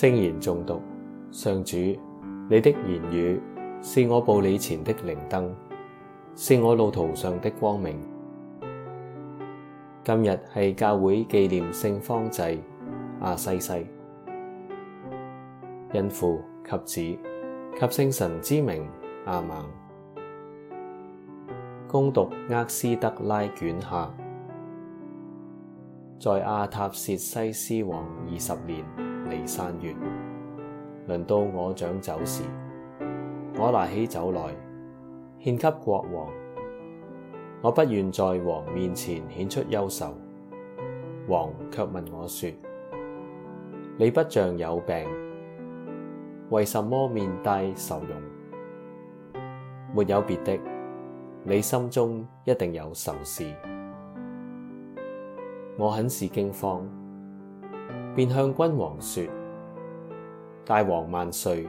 聖言誦讀，上主，你的言語是我步履前的靈燈，是我路途上的光明。今日係教會紀念聖方濟亞西西，因父及子及聖神之名阿們。恭讀厄斯德拉卷下，在阿塔薛西斯王二十年。尼散月，輪到我掌酒時，我拿起酒來，獻給國王。我不願在王面前顯出憂愁，王卻問我說：你不像有病，為什麼面帶愁容？沒有別的，你心中一定有愁事。我很是驚慌。便向君王說：大王萬歲！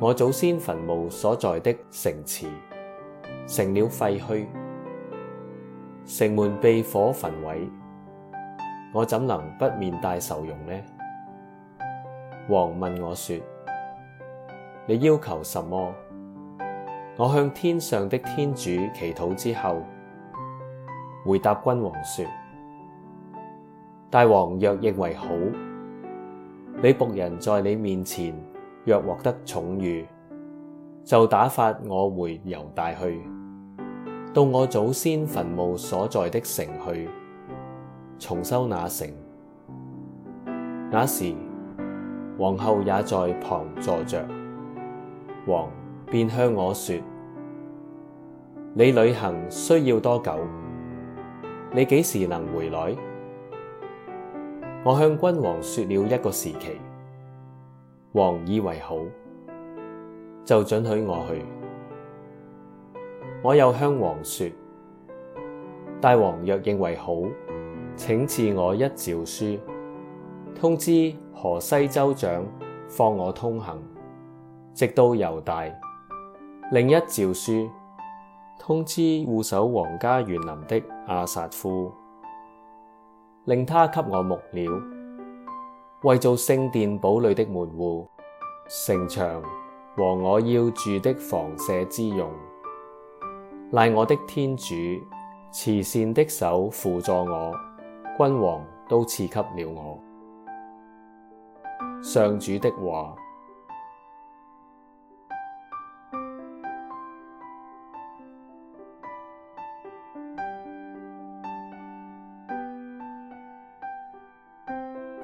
我祖先墳墓所在的城池成了廢墟，城門被火焚毀，我怎能不面帶愁容呢？王問我說：你要求什麼？我向天上的天主祈禱之後，回答君王說。大王若認為好，你僕人在你面前若獲得寵遇，就打發我回猶大去，到我祖先墳墓所在的城去，重修那城。那時，皇后也在旁坐着，王便向我說：你旅行需要多久？你幾時能回來？我向君王說了一個時期，王以為好，就准許我去。我又向王說：大王若認為好，請賜我一詔書，通知河西州長放我通行，直到猶大；另一詔書通知護守王家園林的阿撒夫。令他給我木料，為做聖殿堡壘的門戶、城牆和我要住的房舍之用。賴我的天主慈善的手扶助我，君王都賜給了我。上主的話。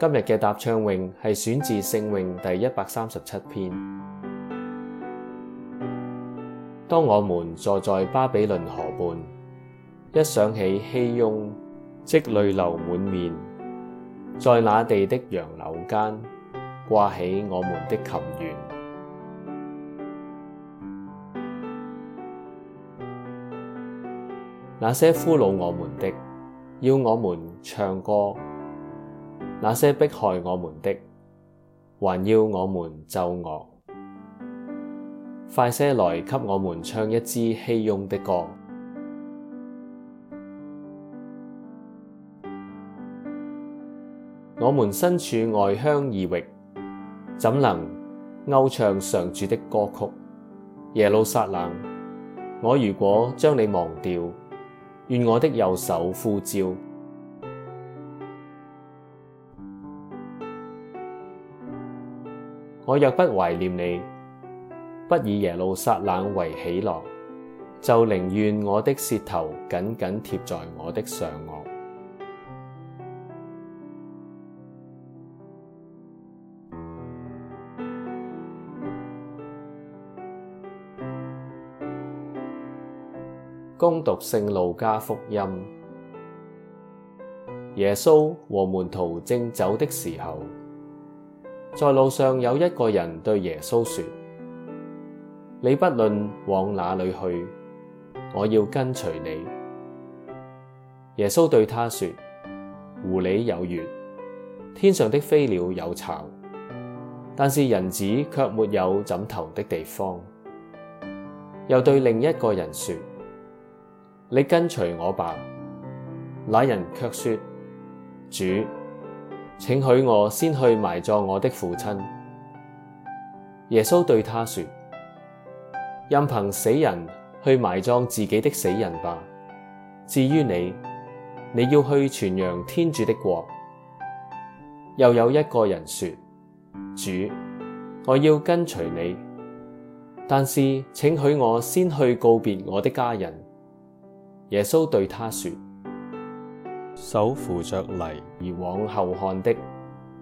今日嘅答唱詠係選自聖詠第一百三十七篇。當我們坐在巴比倫河畔，一想起熙雍，即淚流滿面。在那地的楊柳間，掛起我們的琴弦。那些俘虜我們的，要我們唱歌。那些迫害我們的，還要我們奏樂，快些來給我們唱一支熙雍的歌。 我們身處外鄉異域，怎能謳唱上主的歌曲？耶路撒冷，我如果將你忘掉，願我的右手枯焦。我若不懷念你，不以耶路撒冷為喜樂，就寧願我的舌頭緊緊貼在我的上顎。恭讀《聖路加福音》，耶穌和門徒正走的時候。在路上有一個人對耶穌說：你不論往哪裏去，我要跟隨你。耶穌對他說：狐狸有穴，天上的飛鳥有巢，但是人子卻沒有枕頭的地方。又對另一個人說：你跟隨我吧。那人卻說：主。請許我先去埋葬我的父親。耶穌對他說：任憑死人去埋葬自己的死人吧。至於你，你要去傳揚天主的國。又有一個人說：主，我要跟隨你，但是請許我先去告別我的家人。耶穌對他說。手扶着犁而往後看的，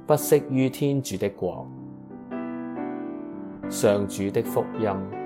不適於天主的國。上主的福音。